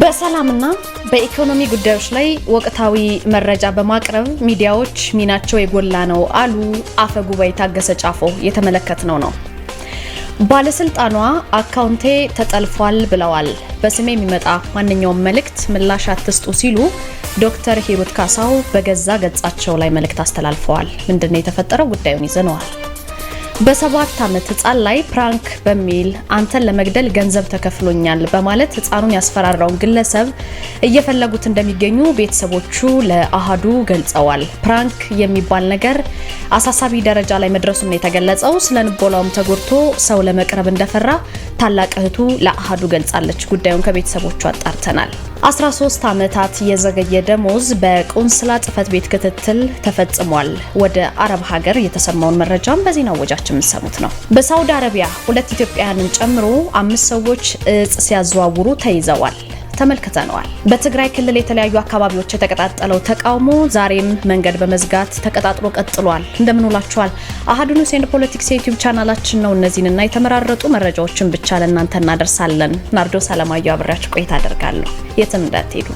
በሰላምና በኢኮኖሚ ጉዳዮች ላይ ወቅታዊ መረጃ በማቅረብ ሚዲያዎች ሚናቸው የጎላ ነው አሉ አፈ ጉባኤ ታገሰ ጫፎ። የተመለከትነው ነው። ባለስልጣኗ አካውንቴ ተጠልፏል ብለዋል። በስሜ የሚመጣ ማንኛውም መልእክት ምላሽ አትስጡ ሲሉ ዶክተር ሂሩት ካሳው በገዛ ገጻቸው ላይ መልእክት አስተላልፈዋል። ምንድነው የተፈጠረው? ጉዳዩን ይዘነዋል። በሰባት ዓመት ህፃን ላይ ፕራንክ በሚል አንተን ለመግደል ገንዘብ ተከፍሎኛል በማለት ህፃኑን ያስፈራራውን ግለሰብ እየፈለጉት እንደሚገኙ ቤተሰቦቹ ለአሃዱ ገልጸዋል። ፕራንክ የሚባል ነገር አሳሳቢ ደረጃ ላይ መድረሱን የተገለጸው ስነ ልቦናውም ተጎድቶ ሰው ለመቅረብ እንደፈራ ታላቅ እህቱ ለአሃዱ ገልጻለች። ጉዳዩን ከቤተሰቦቹ አጣርተናል። 13 ዓመታት የዘገየ ደሞዝ በቆንስላ ጽህፈት ቤት ክትትል ተፈጽሟል። ወደ አረብ ሀገር የተሰማውን መረጃም በዜና ወጃ ቆይታችን የምትሰሙት ነው። በሳውዲ አረቢያ ሁለት ኢትዮጵያውያንን ጨምሮ አምስት ሰዎች እጽ ሲያዘዋውሩ ተይዘዋል ተመልክተነዋል። በትግራይ ክልል የተለያዩ አካባቢዎች የተቀጣጠለው ተቃውሞ ዛሬም መንገድ በመዝጋት ተቀጣጥሎ ቀጥሏል። እንደምንውላችኋል። አሀዱ ኒውስ ኤንድ ፖለቲክስ የዩቲዩብ ቻናላችን ነው። እነዚህንና የተመራረጡ መረጃዎችን ብቻ ለእናንተ እናደርሳለን። ናርዶስ አለማየሁ አብሬያችሁ ቆይታ አደርጋለሁ። የትም እንዳትሄዱ።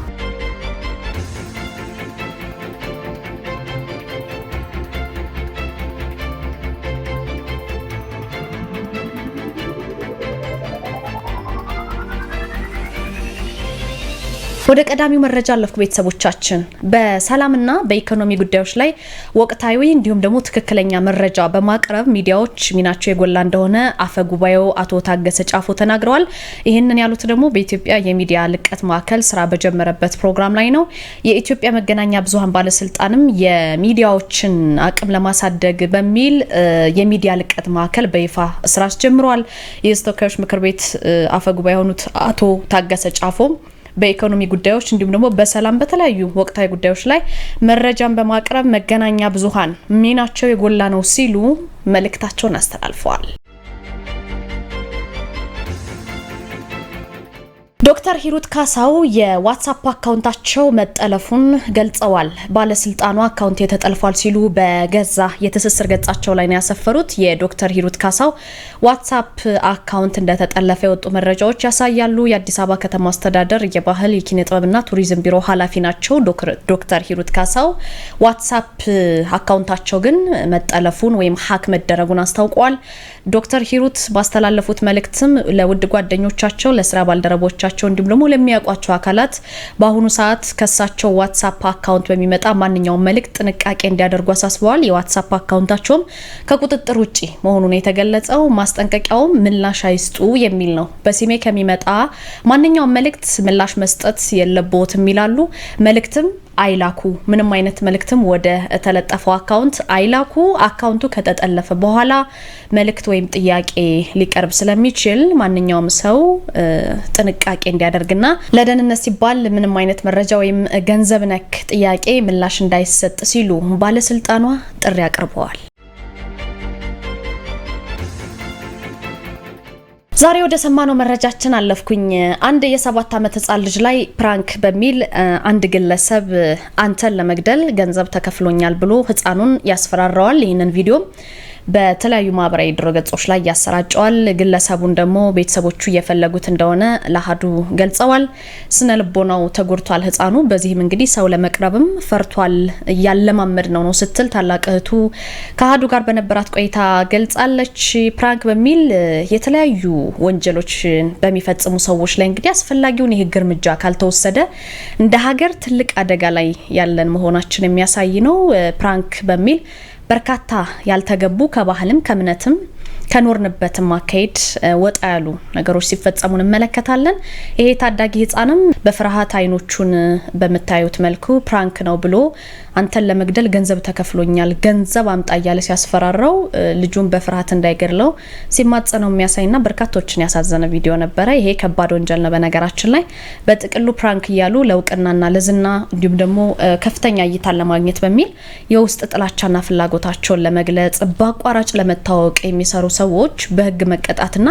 ወደ ቀዳሚው መረጃ አለፍኩ። ቤተሰቦቻችን በሰላምና በኢኮኖሚ ጉዳዮች ላይ ወቅታዊ እንዲሁም ደግሞ ትክክለኛ መረጃ በማቅረብ ሚዲያዎች ሚናቸው የጎላ እንደሆነ አፈ ጉባኤው አቶ ታገሰ ጫፎ ተናግረዋል። ይህንን ያሉት ደግሞ በኢትዮጵያ የሚዲያ ልቀት ማዕከል ስራ በጀመረበት ፕሮግራም ላይ ነው። የኢትዮጵያ መገናኛ ብዙሀን ባለስልጣንም የሚዲያዎችን አቅም ለማሳደግ በሚል የሚዲያ ልቀት ማዕከል በይፋ ስራ አስጀምረዋል። የሕዝብ ምክር ቤት አፈ ጉባኤ የሆኑት አቶ ታገሰ ጫፎ በኢኮኖሚ ጉዳዮች እንዲሁም ደግሞ በሰላም በተለያዩ ወቅታዊ ጉዳዮች ላይ መረጃን በማቅረብ መገናኛ ብዙሃን ሚናቸው የጎላ ነው ሲሉ መልእክታቸውን አስተላልፈዋል። ዶክተር ሂሩት ካሳው የዋትሳፕ አካውንታቸው መጠለፉን ገልጸዋል። ባለስልጣኑ አካውንት የተጠልፏል ሲሉ በገዛ የትስስር ገጻቸው ላይ ነው ያሰፈሩት። የዶክተር ሂሩት ካሳው ዋትሳፕ አካውንት እንደተጠለፈ የወጡ መረጃዎች ያሳያሉ። የአዲስ አበባ ከተማ አስተዳደር የባህል የኪነ ጥበብና ቱሪዝም ቢሮ ኃላፊ ናቸው ዶክተር ሂሩት ካሳው። ዋትሳፕ አካውንታቸው ግን መጠለፉን ወይም ሀክ መደረጉን አስታውቀዋል። ዶክተር ሂሩት ባስተላለፉት መልእክትም ለውድ ጓደኞቻቸው፣ ለስራ ባልደረቦች። ለወዳጆቻቸው እንዲሁም ደግሞ ለሚያውቋቸው አካላት በአሁኑ ሰዓት ከሳቸው ዋትሳፕ አካውንት በሚመጣ ማንኛውም መልእክት ጥንቃቄ እንዲያደርጉ አሳስበዋል። የዋትሳፕ አካውንታቸውም ከቁጥጥር ውጭ መሆኑን የተገለጸው ማስጠንቀቂያውም ምላሽ አይስጡ የሚል ነው። በሲሜ ከሚመጣ ማንኛውም መልእክት ምላሽ መስጠት የለብዎትም ይላሉ። መልእክትም አይላኩ ምንም አይነት መልእክትም ወደ ተለጠፈው አካውንት አይላኩ። አካውንቱ ከተጠለፈ በኋላ መልእክት ወይም ጥያቄ ሊቀርብ ስለሚችል ማንኛውም ሰው ጥንቃቄ እንዲያደርግና ለደህንነት ሲባል ምንም አይነት መረጃ ወይም ገንዘብ ነክ ጥያቄ ምላሽ እንዳይሰጥ ሲሉ ባለስልጣኗ ጥሪ አቅርበዋል። ዛሬ ወደ ሰማነው መረጃችን አለፍኩኝ። አንድ የሰባት ዓመት ህጻን ልጅ ላይ ፕራንክ በሚል አንድ ግለሰብ አንተን ለመግደል ገንዘብ ተከፍሎኛል ብሎ ህጻኑን ያስፈራረዋል። ይህንን ቪዲዮ በተለያዩ ማህበራዊ ድረገጾች ላይ ያሰራጨዋል። ግለሰቡን ደግሞ ቤተሰቦቹ እየፈለጉት እንደሆነ ለአሀዱ ገልጸዋል። ስነ ልቦናው ተጎድቷል ህፃኑ። በዚህም እንግዲህ ሰው ለመቅረብም ፈርቷል፣ እያለማመድ ነው ነው ስትል ታላቅ እህቱ ከአሀዱ ጋር በነበራት ቆይታ ገልጻለች። ፕራንክ በሚል የተለያዩ ወንጀሎችን በሚፈጽሙ ሰዎች ላይ እንግዲህ አስፈላጊውን የህግ እርምጃ ካልተወሰደ እንደ ሀገር ትልቅ አደጋ ላይ ያለን መሆናችን የሚያሳይ ነው። ፕራንክ በሚል በርካታ ያልተገቡ ከባህልም ከእምነትም ከኖርንበትም አካሄድ ወጣ ያሉ ነገሮች ሲፈጸሙ እንመለከታለን። ይሄ ታዳጊ ህፃንም በፍርሃት አይኖቹን በምታዩት መልኩ ፕራንክ ነው ብሎ አንተን ለመግደል ገንዘብ ተከፍሎኛል፣ ገንዘብ አምጣ እያለ ሲያስፈራራው ልጁን በፍርሃት እንዳይገድለው ሲማጸነው የሚያሳይና በርካቶችን ያሳዘነ ቪዲዮ ነበረ። ይሄ ከባድ ወንጀል ነው። በነገራችን ላይ በጥቅሉ ፕራንክ እያሉ ለእውቅናና ለዝና እንዲሁም ደግሞ ከፍተኛ እይታን ለማግኘት በሚል የውስጥ ጥላቻና ፍላጎታቸውን ለመግለጽ በአቋራጭ ለመታወቅ የሚሰሩ ሰዎች በህግ መቀጣትና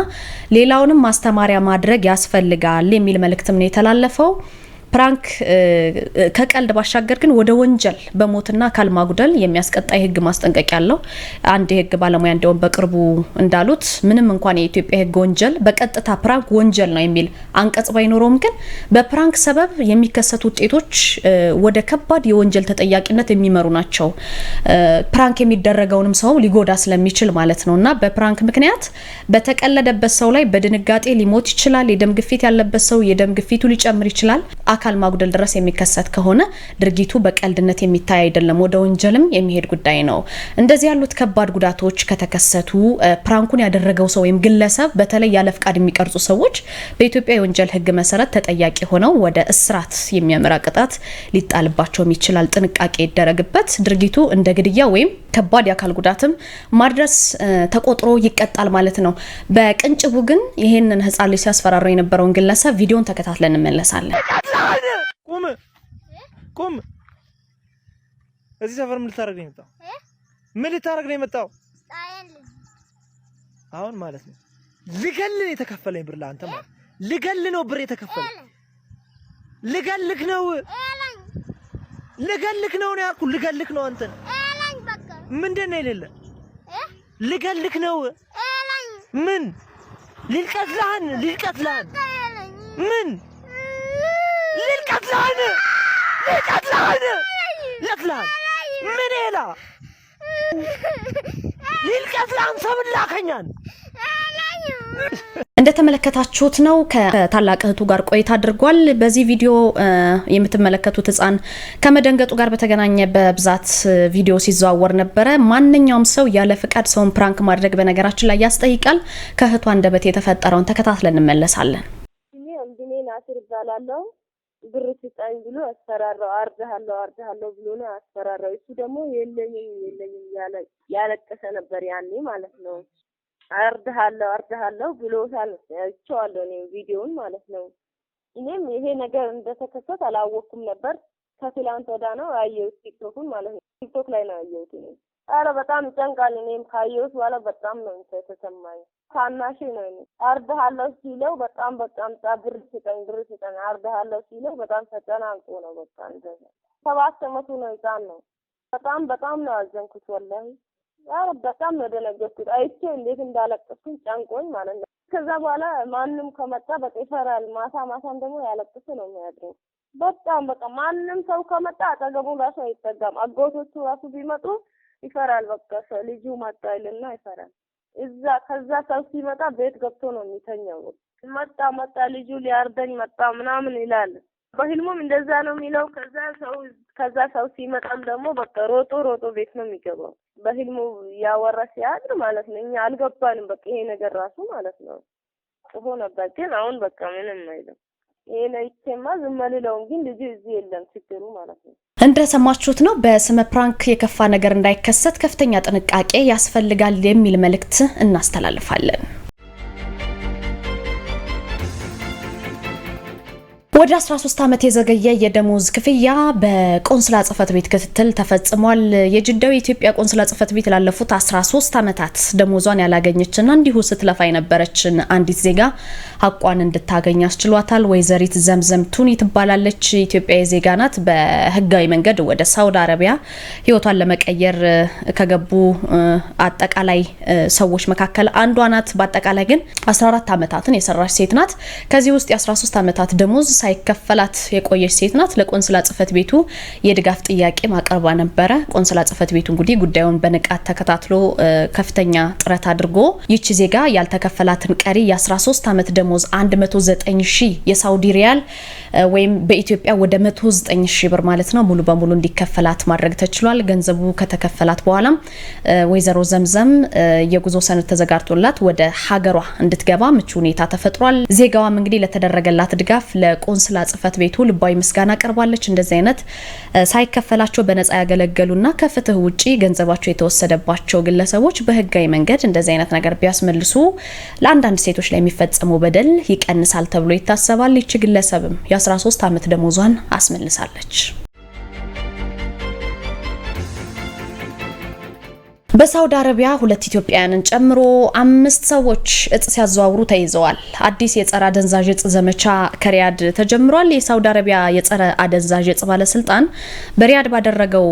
ሌላውንም ማስተማሪያ ማድረግ ያስፈልጋል የሚል መልእክትም ነው የተላለፈው። ፕራንክ ከቀልድ ባሻገር ግን ወደ ወንጀል በሞትና አካል ማጉደል የሚያስቀጣ የህግ ማስጠንቀቂያ አለው። አንድ የህግ ባለሙያ እንዲሁም በቅርቡ እንዳሉት ምንም እንኳን የኢትዮጵያ ህግ ወንጀል በቀጥታ ፕራንክ ወንጀል ነው የሚል አንቀጽ ባይኖረውም ግን በፕራንክ ሰበብ የሚከሰቱ ውጤቶች ወደ ከባድ የወንጀል ተጠያቂነት የሚመሩ ናቸው። ፕራንክ የሚደረገውንም ሰው ሊጎዳ ስለሚችል ማለት ነው እና በፕራንክ ምክንያት በተቀለደበት ሰው ላይ በድንጋጤ ሊሞት ይችላል። የደም ግፊት ያለበት ሰው የደም ግፊቱ ሊጨምር ይችላል። አካል ማጉደል ድረስ የሚከሰት ከሆነ ድርጊቱ በቀልድነት የሚታይ አይደለም፣ ወደ ወንጀልም የሚሄድ ጉዳይ ነው። እንደዚህ ያሉት ከባድ ጉዳቶች ከተከሰቱ ፕራንኩን ያደረገው ሰው ወይም ግለሰብ በተለይ ያለ ፍቃድ የሚቀርጹ ሰዎች በኢትዮጵያ የወንጀል ሕግ መሰረት ተጠያቂ ሆነው ወደ እስራት የሚያመራ ቅጣት ሊጣልባቸውም ይችላል። ጥንቃቄ ይደረግበት። ድርጊቱ እንደ ግድያ ወይም ከባድ የአካል ጉዳትም ማድረስ ተቆጥሮ ይቀጣል ማለት ነው። በቅንጭቡ ግን ይህንን ህፃ ልጅ ሲያስፈራረው የነበረውን ግለሰብ ቪዲዮን ተከታትለን እንመለሳለን። ቁም ቁም። እዚህ ሰፈር ምን ልታደርግ ነው የመጣው? ምን ልታደርግ ነው የመጣው? አሁን ማለት ነው ልገልህ የተከፈለኝ ብር ለአንተ ማለት ልገልህ ነው ብር የተከፈለ ልገልክ ነው ልገልክ ነው ነው ያልኩ ልገልክ ነው አንተ አንተን ምንድን ነው የሌለ ልገልክ ነው ምን ልልቀትልህን ልልቀትልህን ምን ይቀጥላል ይቀጥላል። ምን ሄላ ይልቀጥላን ሰብን እንደተመለከታችሁት ነው። ከታላቅ እህቱ ጋር ቆይታ አድርጓል። በዚህ ቪዲዮ የምትመለከቱት ህፃን ከመደንገጡ ጋር በተገናኘ በብዛት ቪዲዮ ሲዘዋወር ነበረ። ማንኛውም ሰው ያለ ፍቃድ ሰውን ፕራንክ ማድረግ በነገራችን ላይ ያስጠይቃል። ከእህቷ አንደበት የተፈጠረውን ተከታትለን እንመለሳለን። ወንድሜ ናስር ይባላለው ብር ስጣኝ ብሎ አስፈራራው። አርዳሃለሁ አርዳሃለሁ ብሎ ነው አስፈራራው። እሱ ደግሞ የለኝም የለኝም ያለቀሰ ነበር ያኔ ማለት ነው። አርዳሃለሁ አርዳሃለሁ ብሎታል። አይቼዋለሁ እኔ ቪዲዮውን ማለት ነው። እኔም ይሄ ነገር እንደተከሰት አላወቅኩም ነበር። ከትላንት ወዳ ነው አየሁት ቲክቶኩን ማለት ነው። ቲክቶክ ላይ ነው አየሁት እኔ አረ በጣም ይጨንቃል። እኔም ካየሁት በኋላ በጣም ነው እንትን የተሰማኝ። ታናሽ ነው እኔ አርድሃለሁ ሲለው በጣም በጣም ብር ስጠኝ፣ ብር ስጠኝ አርድሃለሁ ሲለው በጣም ተጨናንቆ ነው በቃ እንደዛ። ሰባት አመቱ ነው ህፃን ነው። በጣም በጣም ነው ያዘንኩት ወላሂ። አረ በጣም ነው ደነገጥኩት። አይቼ እንዴት እንዳለቀስኩኝ ጨንቆኝ ማለት ነው። ከዛ በኋላ ማንም ከመጣ በቃ ይፈራል። ማታ ማታም ደግሞ ያለቅስ ነው የሚያድረው በጣም በቃ ማንም ሰው ከመጣ አጠገቡ ራሱ አይጠጋም። አጎቶቹ ራሱ ቢመጡ ይፈራል። በቃ ሰው ልጁ መጣ ይልና ይፈራል። እዛ ከዛ ሰው ሲመጣ ቤት ገብቶ ነው የሚተኛው። መጣ መጣ ልጁ ሊያርደኝ መጣ ምናምን ይላል። በህልሙም እንደዛ ነው የሚለው። ከዛ ሰው ከዛ ሰው ሲመጣም ደግሞ በቃ ሮጦ ሮጦ ቤት ነው የሚገባው። በህልሙ ያወራ ሲያድር ማለት ነው። እኛ አልገባንም። በቃ ይሄ ነገር ራሱ ማለት ነው ጽፎ ነበር፣ ግን አሁን በቃ ምንም አይልም። ይሄ ለይቼማ ዝም አልለውም፣ ግን ልጁ እዚህ የለም ችግሩ ማለት ነው። እንደሰማችሁት ነው። በስመ ፕራንክ የከፋ ነገር እንዳይከሰት ከፍተኛ ጥንቃቄ ያስፈልጋል የሚል መልእክት እናስተላልፋለን። ወደ 13 ዓመት የዘገየ የደሞዝ ክፍያ በቆንስላ ጽህፈት ቤት ክትትል ተፈጽሟል። የጅዳው የኢትዮጵያ ቆንስላ ጽህፈት ቤት ላለፉት 13 ዓመታት ደሞዟን ያላገኘችና እንዲሁ ስትለፋ የነበረችን አንዲት ዜጋ ሀቋን እንድታገኝ አስችሏታል። ወይዘሪት ዘምዘም ቱኒ ትባላለች። ኢትዮጵያ የዜጋ ናት። በህጋዊ መንገድ ወደ ሳውዲ አረቢያ ህይወቷን ለመቀየር ከገቡ አጠቃላይ ሰዎች መካከል አንዷ ናት። በአጠቃላይ ግን 14 ዓመታትን የሰራች ሴት ናት። ከዚህ ውስጥ የ13 ዓመታት ደሞዝ ሳይከፈላት የቆየች ሴት ናት። ለቆንስላ ጽህፈት ቤቱ የድጋፍ ጥያቄ ማቅረባ ነበረ። ቆንስላ ጽህፈት ቤቱ እንግዲህ ጉዳዩን በንቃት ተከታትሎ ከፍተኛ ጥረት አድርጎ ይቺ ዜጋ ያልተከፈላትን ቀሪ የ13 ዓመት ደሞዝ 109 ሺ የሳውዲ ሪያል ወይም በኢትዮጵያ ወደ 109 ሺ ብር ማለት ነው ሙሉ በሙሉ እንዲከፈላት ማድረግ ተችሏል። ገንዘቡ ከተከፈላት በኋላም ወይዘሮ ዘምዘም የጉዞ ሰነድ ተዘጋጅቶላት ወደ ሀገሯ እንድትገባ ምቹ ሁኔታ ተፈጥሯል። ዜጋዋም እንግዲህ ለተደረገላት ድጋፍ ለቆ ለቆንስላ ጽህፈት ቤቱ ልባዊ ምስጋና ቀርባለች። እንደዚህ አይነት ሳይከፈላቸው በነጻ ያገለገሉና ከፍትህ ውጪ ገንዘባቸው የተወሰደባቸው ግለሰቦች በህጋዊ መንገድ እንደዚህ አይነት ነገር ቢያስመልሱ ለአንዳንድ ሴቶች ላይ የሚፈጸመው በደል ይቀንሳል ተብሎ ይታሰባል። ይቺ ግለሰብም የ13 ዓመት ደሞዟን አስመልሳለች። በሳውዲ አረቢያ ሁለት ኢትዮጵያውያንን ጨምሮ አምስት ሰዎች እጽ ሲያዘዋውሩ ተይዘዋል። አዲስ የጸረ አደንዛዥ እጽ ዘመቻ ከሪያድ ተጀምሯል። የሳውዲ አረቢያ የጸረ አደንዛዥ እጽ ባለስልጣን በሪያድ ባደረገው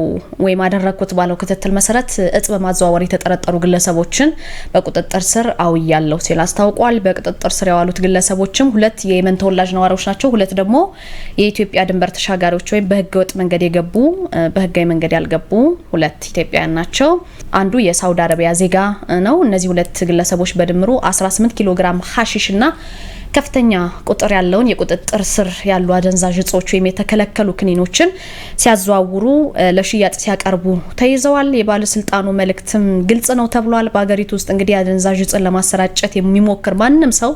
ወይም አደረግኩት ባለው ክትትል መሰረት እጽ በማዘዋወር የተጠረጠሩ ግለሰቦችን በቁጥጥር ስር አውያለሁ ሲል አስታውቋል። በቁጥጥር ስር የዋሉት ግለሰቦችም ሁለት የየመን ተወላጅ ነዋሪዎች ናቸው። ሁለት ደግሞ የኢትዮጵያ ድንበር ተሻጋሪዎች ወይም በህገወጥ መንገድ የገቡ በህጋዊ መንገድ ያልገቡ ሁለት ኢትዮጵያውያን ናቸው። አንዱ የሳውዲ አረቢያ ዜጋ ነው። እነዚህ ሁለት ግለሰቦች በድምሩ 18 ኪሎ ግራም ሀሺሽ እና ከፍተኛ ቁጥር ያለውን የቁጥጥር ስር ያሉ አደንዛዥ እጾች ወይም የተከለከሉ ክኒኖችን ሲያዘዋውሩ ለሽያጭ ሲያቀርቡ ተይዘዋል። የባለስልጣኑ መልእክትም ግልጽ ነው ተብሏል። በሀገሪቱ ውስጥ እንግዲህ አደንዛዥ እጽን ለማሰራጨት የሚሞክር ማንም ሰው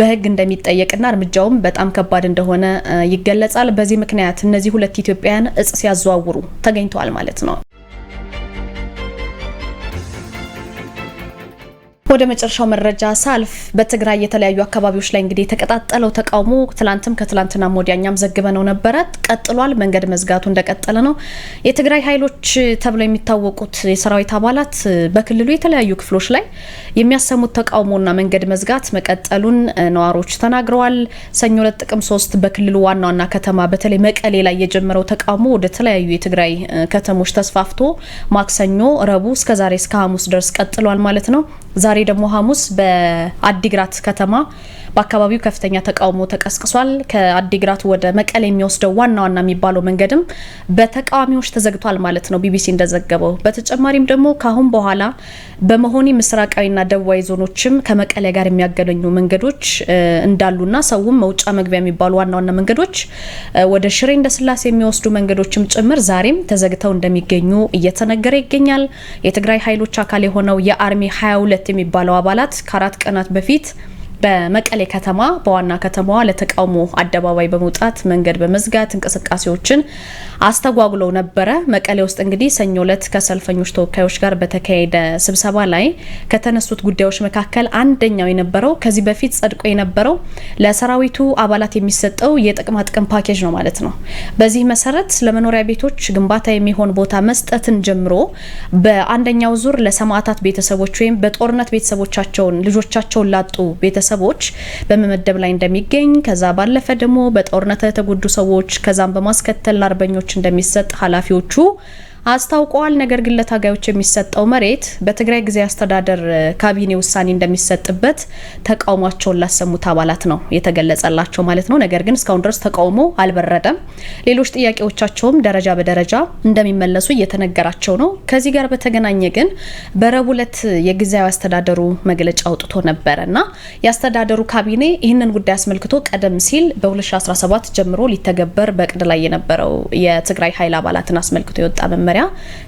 በህግ እንደሚጠየቅና እርምጃውም በጣም ከባድ እንደሆነ ይገለጻል። በዚህ ምክንያት እነዚህ ሁለት ኢትዮጵያውያን እጽ ሲያዘዋውሩ ተገኝተዋል ማለት ነው። ወደ መጨረሻው መረጃ ሳልፍ በትግራይ የተለያዩ አካባቢዎች ላይ እንግዲህ የተቀጣጠለው ተቃውሞ ትላንትም ከትላንትና ወዲያኛም ነው ነበረ፣ ቀጥሏል። መንገድ መዝጋቱ እንደቀጠለ ነው። የትግራይ ኃይሎች ተብለው የሚታወቁት የሰራዊት አባላት በክልሉ የተለያዩ ክፍሎች ላይ የሚያሰሙት ተቃውሞና መንገድ መዝጋት መቀጠሉን ነዋሪዎች ተናግረዋል። ሰኞ ዕለት ጥቅም ሶስት በክልሉ ዋና ዋና ከተማ በተለይ መቀሌ ላይ የጀመረው ተቃውሞ ወደ ተለያዩ የትግራይ ከተሞች ተስፋፍቶ ማክሰኞ፣ ረቡዕ እስከዛሬ እስከ ሐሙስ ድረስ ቀጥሏል ማለት ነው ዛሬ ዛሬ ደግሞ ሐሙስ በአዲግራት ከተማ በአካባቢው ከፍተኛ ተቃውሞ ተቀስቅሷል። ከአዲግራት ወደ መቀሌ የሚወስደው ዋና ዋና የሚባለው መንገድም በተቃዋሚዎች ተዘግቷል ማለት ነው ቢቢሲ እንደዘገበው። በተጨማሪም ደግሞ ከአሁን በኋላ በመሆኒ ምስራቃዊና ደቡባዊ ዞኖችም ከመቀሌ ጋር የሚያገናኙ መንገዶች እንዳሉና ሰውም መውጫ መግቢያ የሚባሉ ዋና ዋና መንገዶች ወደ ሽሬ እንዳስላሴ የሚወስዱ መንገዶችም ጭምር ዛሬም ተዘግተው እንደሚገኙ እየተነገረ ይገኛል። የትግራይ ኃይሎች አካል የሆነው የአርሚ 22 የሚባለው አባላት ከአራት ቀናት በፊት በመቀሌ ከተማ በዋና ከተማዋ ለተቃውሞ አደባባይ በመውጣት መንገድ በመዝጋት እንቅስቃሴዎችን አስተጓጉሎ ነበረ። መቀሌ ውስጥ እንግዲህ ሰኞ ዕለት ከሰልፈኞች ተወካዮች ጋር በተካሄደ ስብሰባ ላይ ከተነሱት ጉዳዮች መካከል አንደኛው የነበረው ከዚህ በፊት ጸድቆ የነበረው ለሰራዊቱ አባላት የሚሰጠው የጥቅም ጥቅም ፓኬጅ ነው ማለት ነው። በዚህ መሰረት ለመኖሪያ ቤቶች ግንባታ የሚሆን ቦታ መስጠትን ጀምሮ በአንደኛው ዙር ለሰማዕታት ቤተሰቦች ወይም በጦርነት ቤተሰቦቻቸውን ልጆቻቸውን ላጡ ቤተሰ ግለሰቦች በመመደብ ላይ እንደሚገኝ ከዛ ባለፈ ደግሞ በጦርነት ለተጎዱ ሰዎች ከዛም በማስከተል ለአርበኞች እንደሚሰጥ ኃላፊዎቹ አስታውቀዋል። ነገር ግን ለታጋዮች የሚሰጠው መሬት በትግራይ ጊዜ አስተዳደር ካቢኔ ውሳኔ እንደሚሰጥበት ተቃውሟቸውን ላሰሙት አባላት ነው የተገለጸላቸው ማለት ነው። ነገር ግን እስካሁን ድረስ ተቃውሞ አልበረደም። ሌሎች ጥያቄዎቻቸውም ደረጃ በደረጃ እንደሚመለሱ እየተነገራቸው ነው። ከዚህ ጋር በተገናኘ ግን በረቡዕ ዕለት የጊዜያዊ አስተዳደሩ መግለጫ አውጥቶ ነበረ እና የአስተዳደሩ ካቢኔ ይህንን ጉዳይ አስመልክቶ ቀደም ሲል በ2017 ጀምሮ ሊተገበር በቅድ ላይ የነበረው የትግራይ ኃይል አባላትን አስመልክቶ የወጣ መጀመሪያ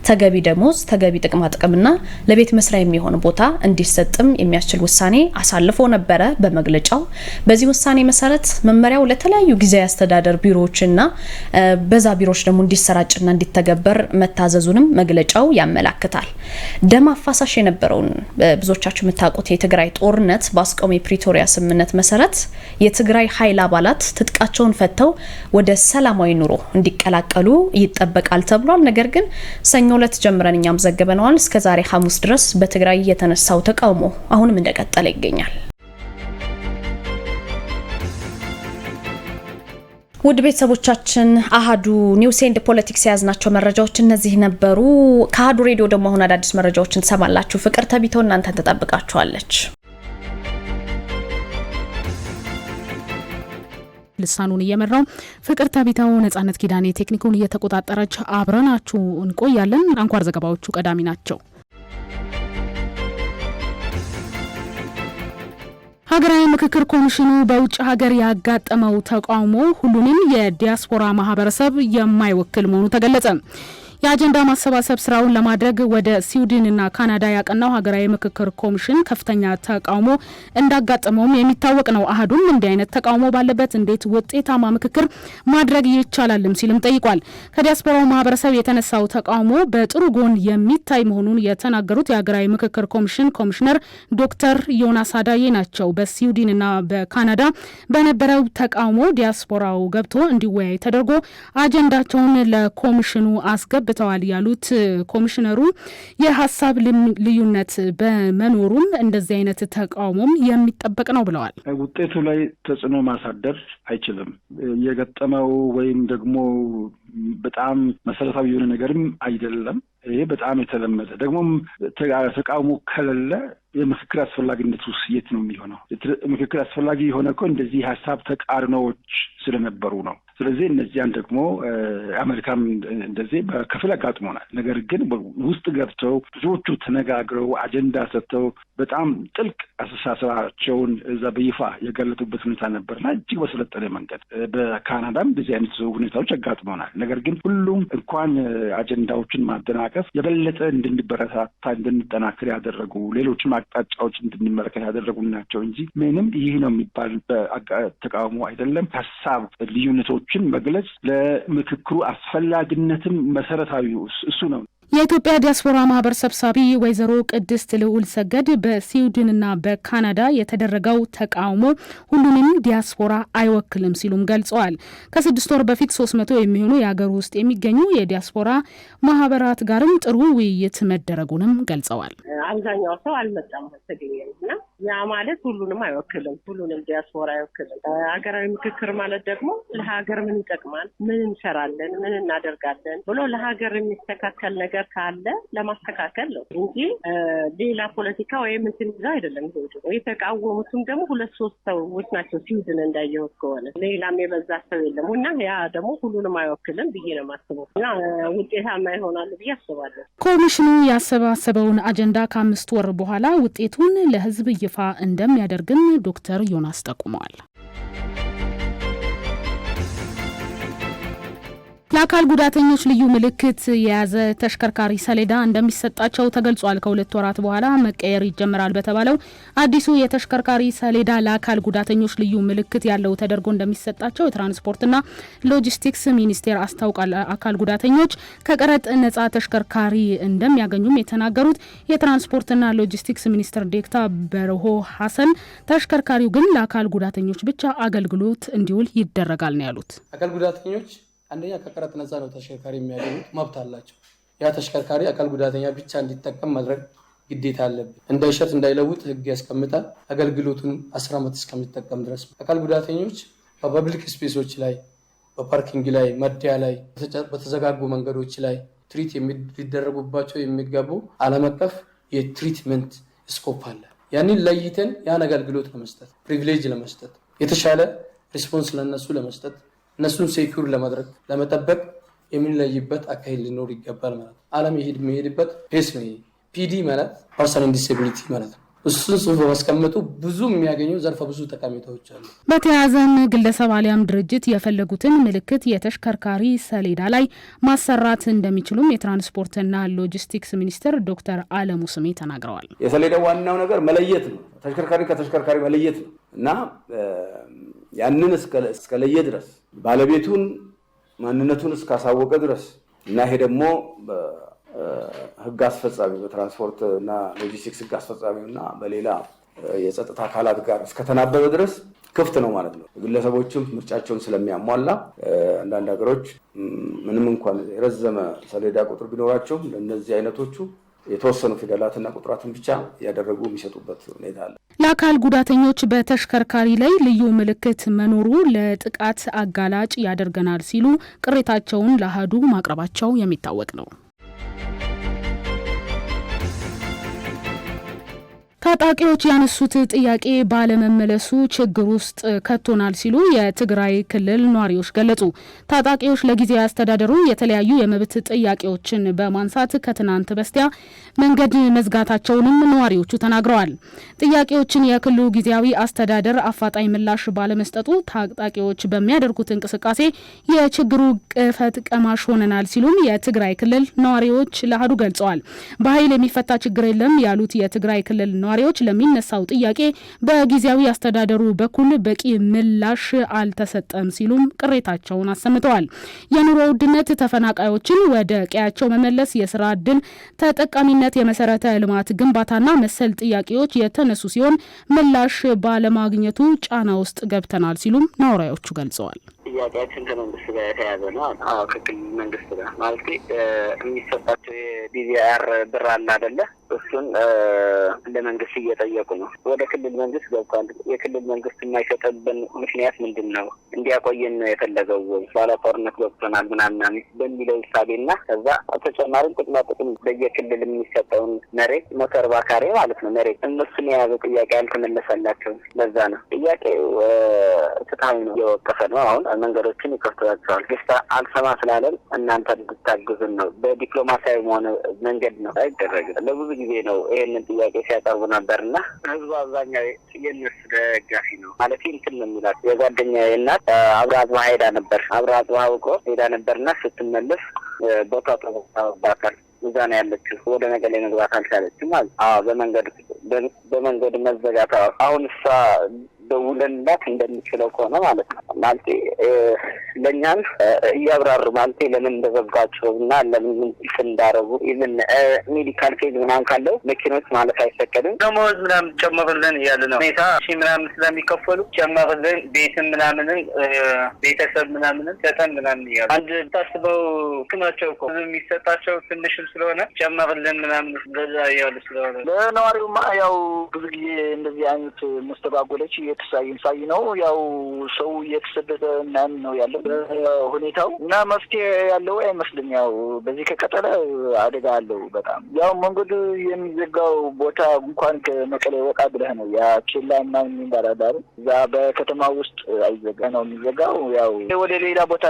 ተገቢ ደሞዝ፣ ተገቢ ጥቅማጥቅምና ለቤት መስሪያ የሚሆን ቦታ እንዲሰጥም የሚያስችል ውሳኔ አሳልፎ ነበረ በመግለጫው። በዚህ ውሳኔ መሰረት መመሪያው ለተለያዩ ጊዜያዊ አስተዳደር ቢሮዎችና በዛ ቢሮዎች ደግሞ እንዲሰራጭና እንዲተገበር መታዘዙንም መግለጫው ያመላክታል። ደም አፋሳሽ የነበረውን ብዙዎቻችሁ የምታውቁት የትግራይ ጦርነት በአስቆመ የፕሪቶሪያ ስምምነት መሰረት የትግራይ ኃይል አባላት ትጥቃቸውን ፈተው ወደ ሰላማዊ ኑሮ እንዲቀላቀሉ ይጠበቃል ተብሏል። ነገር ግን ሰኞ ለት ጀምረን እኛም ዘግበነዋል። ዛሬ ሐሙስ ድረስ በትግራይ የተነሳው ተቃውሞ አሁንም እንደቀጠለ ይገኛል። ውድ ቤተሰቦቻችን አህዱ ኒውስ ኤንድ ፖለቲክስ የያዝናቸው መረጃዎች እነዚህ ነበሩ። ከአሃዱ ሬዲዮ ደግሞ አሁን አዳዲስ መረጃዎችን ትሰማላችሁ። ፍቅር ተቢተው እናንተን ትጠብቃችኋለች። ልሳኑን እየመራው ፍቅር ተቢተው፣ ነጻነት ኪዳኔ ቴክኒኩን እየተቆጣጠረች አብረናችሁ እንቆያለን። አንኳር ዘገባዎቹ ቀዳሚ ናቸው። ሀገራዊ ምክክር ኮሚሽኑ በውጭ ሀገር ያጋጠመው ተቃውሞ ሁሉንም የዲያስፖራ ማህበረሰብ የማይወክል መሆኑ ተገለጸ። የአጀንዳ ማሰባሰብ ስራውን ለማድረግ ወደ ስዊድንና ካናዳ ያቀናው ሀገራዊ ምክክር ኮሚሽን ከፍተኛ ተቃውሞ እንዳጋጠመውም የሚታወቅ ነው። አህዱም እንዲህ አይነት ተቃውሞ ባለበት እንዴት ውጤታማ ምክክር ማድረግ ይቻላልም ሲልም ጠይቋል። ከዲያስፖራው ማህበረሰብ የተነሳው ተቃውሞ በጥሩ ጎን የሚታይ መሆኑን የተናገሩት የሀገራዊ ምክክር ኮሚሽን ኮሚሽነር ዶክተር ዮናስ አዳዬ ናቸው። በስዊድንና በካናዳ በነበረው ተቃውሞ ዲያስፖራው ገብቶ እንዲወያይ ተደርጎ አጀንዳቸውን ለኮሚሽኑ አስገብ አሰናብተዋል ያሉት ኮሚሽነሩ የሀሳብ ልዩነት በመኖሩም እንደዚህ አይነት ተቃውሞም የሚጠበቅ ነው ብለዋል። ውጤቱ ላይ ተጽዕኖ ማሳደር አይችልም። የገጠመው ወይም ደግሞ በጣም መሰረታዊ የሆነ ነገርም አይደለም። ይሄ በጣም የተለመደ ደግሞም ተቃውሞ ከሌለ የምክክር አስፈላጊነት ውስጥ የት ነው የሚሆነው? ምክክር አስፈላጊ የሆነ እኮ እንደዚህ ሀሳብ ተቃርኖዎች ስለነበሩ ነው። ስለዚህ እነዚያን ደግሞ አሜሪካም እንደዚህ በከፊል አጋጥሞናል። ነገር ግን ውስጥ ገብተው ብዙዎቹ ተነጋግረው አጀንዳ ሰጥተው በጣም ጥልቅ አስተሳሰባቸውን እዛ በይፋ የገለጡበት ሁኔታ ነበርና እጅግ በሰለጠነ መንገድ በካናዳም እንደዚህ አይነት ሁኔታዎች አጋጥሞናል። ነገር ግን ሁሉም እንኳን አጀንዳዎችን ማደናቀፍ የበለጠ እንድንበረታታ እንድንጠናክር ያደረጉ ሌሎችም አቅጣጫዎች እንድንመለከት ያደረጉ ናቸው እንጂ ምንም ይህ ነው የሚባል ተቃውሞ አይደለም። ሀሳብ ልዩነቶች ሀሳቦችን መግለጽ ለምክክሩ አስፈላጊነትም መሰረታዊ እሱ ነው። የኢትዮጵያ ዲያስፖራ ማህበር ሰብሳቢ ወይዘሮ ቅድስት ልዑል ሰገድ በስዊድንና በካናዳ የተደረገው ተቃውሞ ሁሉንም ዲያስፖራ አይወክልም ሲሉም ገልጸዋል። ከስድስት ወር በፊት ሶስት መቶ የሚሆኑ የሀገር ውስጥ የሚገኙ የዲያስፖራ ማህበራት ጋርም ጥሩ ውይይት መደረጉንም ገልጸዋል። አብዛኛው ሰው አልመጣም ተገኘ እና ያ ማለት ሁሉንም አይወክልም፣ ሁሉንም ዲያስፖራ አይወክልም። ሀገራዊ ምክክር ማለት ደግሞ ለሀገር ምን ይጠቅማል፣ ምን እንሰራለን፣ ምን እናደርጋለን ብሎ ለሀገር የሚስተካከል ነገር ካለ ለማስተካከል ነው እንጂ ሌላ ፖለቲካ ወይም እንትን ይዘው አይደለም። የተቃወሙትም ደግሞ ሁለት ሶስት ሰዎች ናቸው ሲውድን እንዳየሁት ከሆነ ሌላም የበዛ ሰው የለም እና ያ ደግሞ ሁሉንም አይወክልም ብዬ ነው የማስበው እና ውጤታማ ይሆናሉ ብዬ አስባለሁ። ኮሚሽኑ ያሰባሰበውን አጀንዳ ከአምስት ወር በኋላ ውጤቱን ለህዝብ ይፋ እንደሚያደርግም ዶክተር ዮናስ ጠቁመዋል። ለአካል ጉዳተኞች ልዩ ምልክት የያዘ ተሽከርካሪ ሰሌዳ እንደሚሰጣቸው ተገልጿል። ከሁለት ወራት በኋላ መቀየር ይጀምራል በተባለው አዲሱ የተሽከርካሪ ሰሌዳ ለአካል ጉዳተኞች ልዩ ምልክት ያለው ተደርጎ እንደሚሰጣቸው የትራንስፖርትና ሎጂስቲክስ ሚኒስቴር አስታውቃል አካል ጉዳተኞች ከቀረጥ ነጻ ተሽከርካሪ እንደሚያገኙም የተናገሩት የትራንስፖርትና ሎጂስቲክስ ሚኒስትር ዴክታ በርሆ ሀሰን ተሽከርካሪው ግን ለአካል ጉዳተኞች ብቻ አገልግሎት እንዲውል ይደረጋል ነው ያሉት። አንደኛ ከቀረጥ ነፃ ነው ተሽከርካሪ የሚያገኙት፣ መብት አላቸው። ያ ተሽከርካሪ አካል ጉዳተኛ ብቻ እንዲጠቀም ማድረግ ግዴታ አለብን። እንዳይሸጥ እንዳይለውጥ ህግ ያስቀምጣል። አገልግሎቱን አስር ዓመት እስከሚጠቀም ድረስ አካል ጉዳተኞች በፐብሊክ ስፔሶች ላይ፣ በፓርኪንግ ላይ፣ መዳያ ላይ፣ በተዘጋጉ መንገዶች ላይ ትሪት ሊደረጉባቸው የሚገቡ ዓለም አቀፍ የትሪትመንት ስኮፕ አለ። ያንን ለይተን ያን አገልግሎት ለመስጠት ፕሪቪሌጅ ለመስጠት የተሻለ ሪስፖንስ ለነሱ ለመስጠት እነሱን ሴኪር ለማድረግ ለመጠበቅ የምንለይበት አካሄድ ሊኖር ይገባል ማለት ነው። ይሄድ የሚሄድበት ፔስ ነው። ፒዲ ማለት ፐርሰናል ዲስብሊቲ ማለት ነው። እሱን ጽሁፍ በማስቀመጡ ብዙ የሚያገኙ ዘርፈ ብዙ ጠቀሜታዎች አሉ። በተያያዘም ግለሰብ አሊያም ድርጅት የፈለጉትን ምልክት የተሽከርካሪ ሰሌዳ ላይ ማሰራት እንደሚችሉም የትራንስፖርትና ሎጂስቲክስ ሚኒስትር ዶክተር አለሙ ስሜ ተናግረዋል። የሰሌዳው ዋናው ነገር መለየት ነው። ተሽከርካሪ ከተሽከርካሪ መለየት ነው እና ያንን እስከለየ ድረስ ባለቤቱን ማንነቱን እስካሳወቀ ድረስ እና ይሄ ደግሞ ህግ አስፈጻሚ በትራንስፖርት እና ሎጂስቲክስ ህግ አስፈጻሚ እና በሌላ የጸጥታ አካላት ጋር እስከተናበበ ድረስ ክፍት ነው ማለት ነው። ግለሰቦችም ምርጫቸውን ስለሚያሟላ አንዳንድ ሀገሮች ምንም እንኳን የረዘመ ሰሌዳ ቁጥር ቢኖራቸውም ለእነዚህ አይነቶቹ የተወሰኑ ፊደላትና ቁጥራትን ብቻ ያደረጉ የሚሰጡበት ሁኔታ አለ። ለአካል ጉዳተኞች በተሽከርካሪ ላይ ልዩ ምልክት መኖሩ ለጥቃት አጋላጭ ያደርገናል ሲሉ ቅሬታቸውን ለአሀዱ ማቅረባቸው የሚታወቅ ነው። ታጣቂዎች ያነሱት ጥያቄ ባለመመለሱ ችግር ውስጥ ከቶናል ሲሉ የትግራይ ክልል ነዋሪዎች ገለጹ። ታጣቂዎች ለጊዜያዊ አስተዳደሩ የተለያዩ የመብት ጥያቄዎችን በማንሳት ከትናንት በስቲያ መንገድ መዝጋታቸውንም ነዋሪዎቹ ተናግረዋል። ጥያቄዎችን የክልሉ ጊዜያዊ አስተዳደር አፋጣኝ ምላሽ ባለመስጠቱ ታጣቂዎች በሚያደርጉት እንቅስቃሴ የችግሩ ቅፈት ቀማሽ ሆነናል ሲሉም የትግራይ ክልል ነዋሪዎች ለአህዱ ገልጸዋል። በኃይል የሚፈታ ችግር የለም ያሉት የትግራይ ክልል ነዋሪ ነዋሪዎች ለሚነሳው ጥያቄ በጊዜያዊ አስተዳደሩ በኩል በቂ ምላሽ አልተሰጠም ሲሉም ቅሬታቸውን አሰምተዋል። የኑሮ ውድነት ተፈናቃዮችን ወደ ቀያቸው መመለስ፣ የስራ እድል ተጠቃሚነት፣ የመሰረተ ልማት ግንባታና መሰል ጥያቄዎች የተነሱ ሲሆን ምላሽ ባለማግኘቱ ጫና ውስጥ ገብተናል ሲሉም ነዋሪዎቹ ገልጸዋል። ጥያቄያችን ከመንግስት ጋር የተያዘ ነው። ክክል መንግስት ጋር ማለት የሚሰጣቸው ቢቢአር ብር አለ አደለ? እሱን ለመንግስት እየጠየቁ ነው። ወደ ክልል መንግስት ገብቷል። የክልል መንግስት የማይሰጠብን ምክንያት ምንድን ነው? እንዲያቆየን ነው የፈለገው ወይ ባለ ጦርነት ገብቶናል ምናምናሚ በሚለው እሳቤና ከዛ ተጨማሪም ጥቅማ ጥቅም በየክልል የሚሰጠውን መሬት ሞተር ባካሬ ማለት ነው መሬት እነሱን የያዘ ጥያቄ አልተመለሰላቸው ለዛ ነው ጥያቄው ፍትሀዊ ነው እየወቀፈ ነው። አሁን መንገዶችን ይከፍቷቸዋል። ግስታ አልሰማ ስላለን እናንተ እንድታግዙን ነው በዲፕሎማሲያዊ መሆነ መንገድ ነው አይደረግ ለብዙ ጊዜ ነው ይህንን ጥያቄ ሲያቀርቡ ነበር እና ህዝቡ አብዛኛው የእነሱ ደጋፊ ነው ማለት እንትን ነው የሚላት። የጓደኛ እናት አብረ አጽብሃ ሄዳ ነበር አብረ አጽብሃ ውቆ ሄዳ ነበርና ስትመለስ ቦታ ተባካል እዛ ነው ያለችው። ወደ መቀሌ መግባት አልቻለችም ማለት በመንገድ በመንገድ መዘጋት አሁን እሷ ደውለንላት እንደሚችለው ከሆነ ማለት ነው ማለቴ ለእኛም እያብራሩ ማለቴ ለምን እንደዘጋቸው እና ለምን እንትን እንዳረጉ ምን ሜዲካል ኬዝ ምናምን ካለው መኪኖች ማለት አይፈቀድም። ደሞዝ ምናምን ጨመርልን እያሉ ነው ሁኔታ ሺ ምናምን ስለሚከፈሉ ጨመርልን፣ ቤትም ምናምንም ቤተሰብ ምናምንም ሰጠን ምናምን እያሉ አንድ ታስበው ክማቸው እኮ የሚሰጣቸው ትንሽም ስለሆነ ጨመርልን ምናምን በዛ እያሉ ስለሆነ ለነዋሪውማ ያው ብዙ ጊዜ እንደዚህ አይነት መስተጓጎሎች ክሳይ እንሳይ ነው። ያው ሰው እየተሰደደ ምናምን ነው ያለው ሁኔታው እና መፍትሄ ያለው አይመስልም። ያው በዚህ ከቀጠለ አደጋ አለው በጣም ያው መንገዱ የሚዘጋው ቦታ እንኳን ከመቀሌ ወጣ ብለህ ነው ያ ኬላ ምናምን የሚባላዳሩ እዛ በከተማ ውስጥ አይዘጋ ነው የሚዘጋው። ያው ወደ ሌላ ቦታ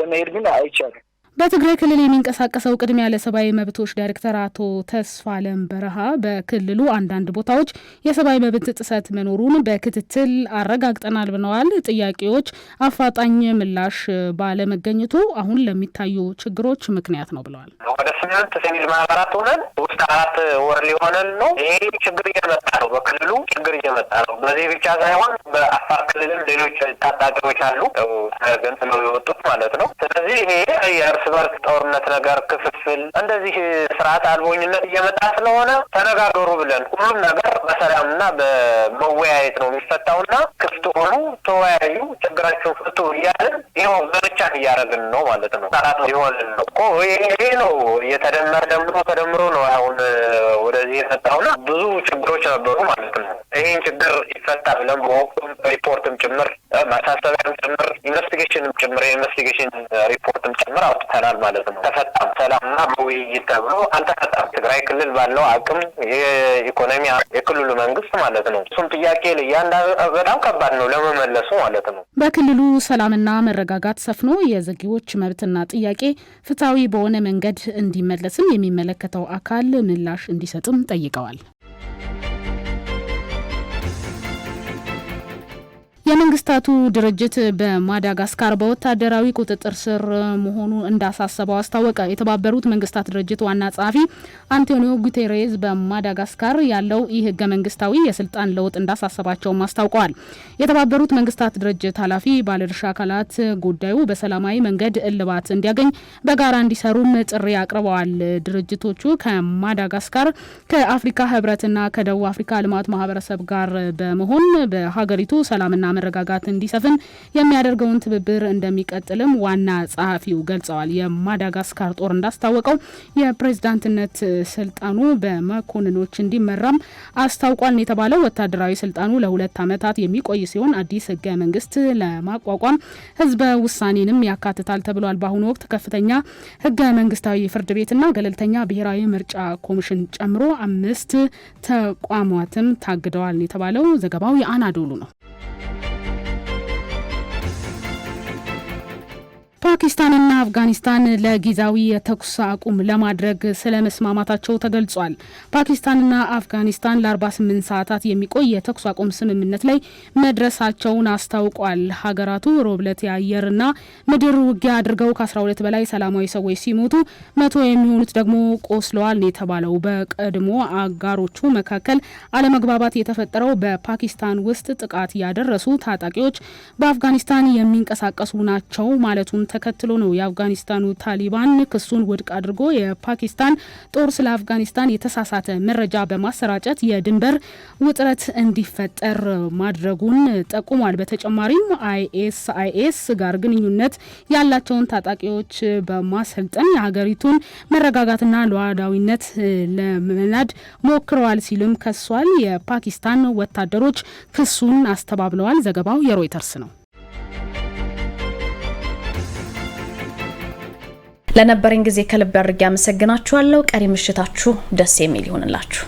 ለመሄድ ግን አይቻልም። በትግራይ ክልል የሚንቀሳቀሰው ቅድሚያ ለሰብአዊ መብቶች ዳይሬክተር አቶ ተስፋለም በረሃ በክልሉ አንዳንድ ቦታዎች የሰብአዊ መብት ጥሰት መኖሩን በክትትል አረጋግጠናል ብለዋል። ጥያቄዎች አፋጣኝ ምላሽ ባለመገኘቱ አሁን ለሚታዩ ችግሮች ምክንያት ነው ብለዋል። ወደ ስምንት ሲቪል ማህበራት ሆነን ውስጥ አራት ወር ሊሆነን ነው። ይሄ ችግር እየመጣ ነው፣ በክልሉ ችግር እየመጣ ነው። በዚህ ብቻ ሳይሆን በአፋር ክልልም ሌሎች ታጣቂዎች አሉ፣ ገንጥለው የወጡት ማለት ነው። ስለዚህ ይሄ የእርስ በርስ ጦርነት ነገር ክፍፍል፣ እንደዚህ ስርዓት አልቦኝነት እየመጣ ስለሆነ ተነጋገሩ ብለን ሁሉም ነገር በሰላምና በመወያየት ነው የሚፈታውና ክፍት ሆኑ፣ ተወያዩ፣ ችግራቸውን ፍቱ እያልን ይኸው ዘመቻን እያደረግን ነው ማለት ነው። ሰራት ሊሆንን ነው እኮ ይሄ ነው የተደመረ ደምሮ ተደምሮ ነው አሁን ወደዚህ የመጣውና ብዙ ችግሮች ነበሩ ማለት ነው። ይህን ችግር ይፈታ ብለን በወቅቱም ሪፖርትም ጭምር ማሳሰቢያም ጭምር ኢንቨስቲጌሽንም ጭምር የኢንቨስቲጌሽን ሪፖርትም ጭምር አውጥ ተፈታተናል ማለት ነው። ተፈጣም ሰላምና በውይይት ተብሎ አልተፈጣም። ትግራይ ክልል ባለው አቅም የኢኮኖሚ የክልሉ መንግስት ማለት ነው። እሱም ጥያቄ ለእያንዳንዱ በጣም ከባድ ነው ለመመለሱ ማለት ነው። በክልሉ ሰላምና መረጋጋት ሰፍኖ የዜጎች መብትና ጥያቄ ፍትሐዊ በሆነ መንገድ እንዲመለስም የሚመለከተው አካል ምላሽ እንዲሰጥም ጠይቀዋል። የመንግስታቱ ድርጅት በማዳጋስካር በወታደራዊ ቁጥጥር ስር መሆኑ እንዳሳሰበው አስታወቀ። የተባበሩት መንግስታት ድርጅት ዋና ጸሐፊ አንቶኒዮ ጉቴሬዝ በማዳጋስካር ያለው ይህ ህገ መንግስታዊ የስልጣን ለውጥ እንዳሳሰባቸውም አስታውቀዋል። የተባበሩት መንግስታት ድርጅት ኃላፊ ባለድርሻ አካላት ጉዳዩ በሰላማዊ መንገድ እልባት እንዲያገኝ በጋራ እንዲሰሩም ጥሪ አቅርበዋል። ድርጅቶቹ ከማዳጋስካር ከአፍሪካ ህብረትና ከደቡብ አፍሪካ ልማት ማህበረሰብ ጋር በመሆን በሀገሪቱ ሰላምና መረጋጋት እንዲሰፍን የሚያደርገውን ትብብር እንደሚቀጥልም ዋና ጸሐፊው ገልጸዋል። የማዳጋስካር ጦር እንዳስታወቀው የፕሬዝዳንትነት ስልጣኑ በመኮንኖች እንዲመራም አስታውቋል ነው የተባለው። ወታደራዊ ስልጣኑ ለሁለት ዓመታት የሚቆይ ሲሆን አዲስ ህገ መንግስት ለማቋቋም ህዝበ ውሳኔንም ያካትታል ተብሏል። በአሁኑ ወቅት ከፍተኛ ህገ መንግስታዊ ፍርድ ቤትና ገለልተኛ ብሔራዊ ምርጫ ኮሚሽን ጨምሮ አምስት ተቋማትም ታግደዋል የተባለው ዘገባው የአናዶሉ ነው። ፓኪስታንና አፍጋኒስታን ለጊዜያዊ የተኩስ አቁም ለማድረግ ስለ መስማማታቸው ተገልጿል። ፓኪስታንና አፍጋኒስታን ለ48 ሰዓታት የሚቆይ የተኩስ አቁም ስምምነት ላይ መድረሳቸውን አስታውቋል። ሀገራቱ ሮብለት ዕለት የአየርና ምድር ውጊያ አድርገው ከ12 በላይ ሰላማዊ ሰዎች ሲሞቱ መቶ የሚሆኑት ደግሞ ቆስለዋል የተባለው። በቀድሞ አጋሮቹ መካከል አለመግባባት የተፈጠረው በፓኪስታን ውስጥ ጥቃት ያደረሱ ታጣቂዎች በአፍጋኒስታን የሚንቀሳቀሱ ናቸው ማለቱን ተከትሎ ነው የአፍጋኒስታኑ ታሊባን ክሱን ውድቅ አድርጎ የፓኪስታን ጦር ስለ አፍጋኒስታን የተሳሳተ መረጃ በማሰራጨት የድንበር ውጥረት እንዲፈጠር ማድረጉን ጠቁሟል። በተጨማሪም አይኤስ አይኤስ ጋር ግንኙነት ያላቸውን ታጣቂዎች በማሰልጠን የሀገሪቱን መረጋጋትና ሉዓላዊነት ለመናድ ሞክረዋል ሲልም ከሷል። የፓኪስታን ወታደሮች ክሱን አስተባብለዋል። ዘገባው የሮይተርስ ነው። ለነበረኝ ጊዜ ከልብ አድርጌ አመሰግናችኋለሁ። ቀሪ ምሽታችሁ ደስ የሚል ይሆንላችሁ።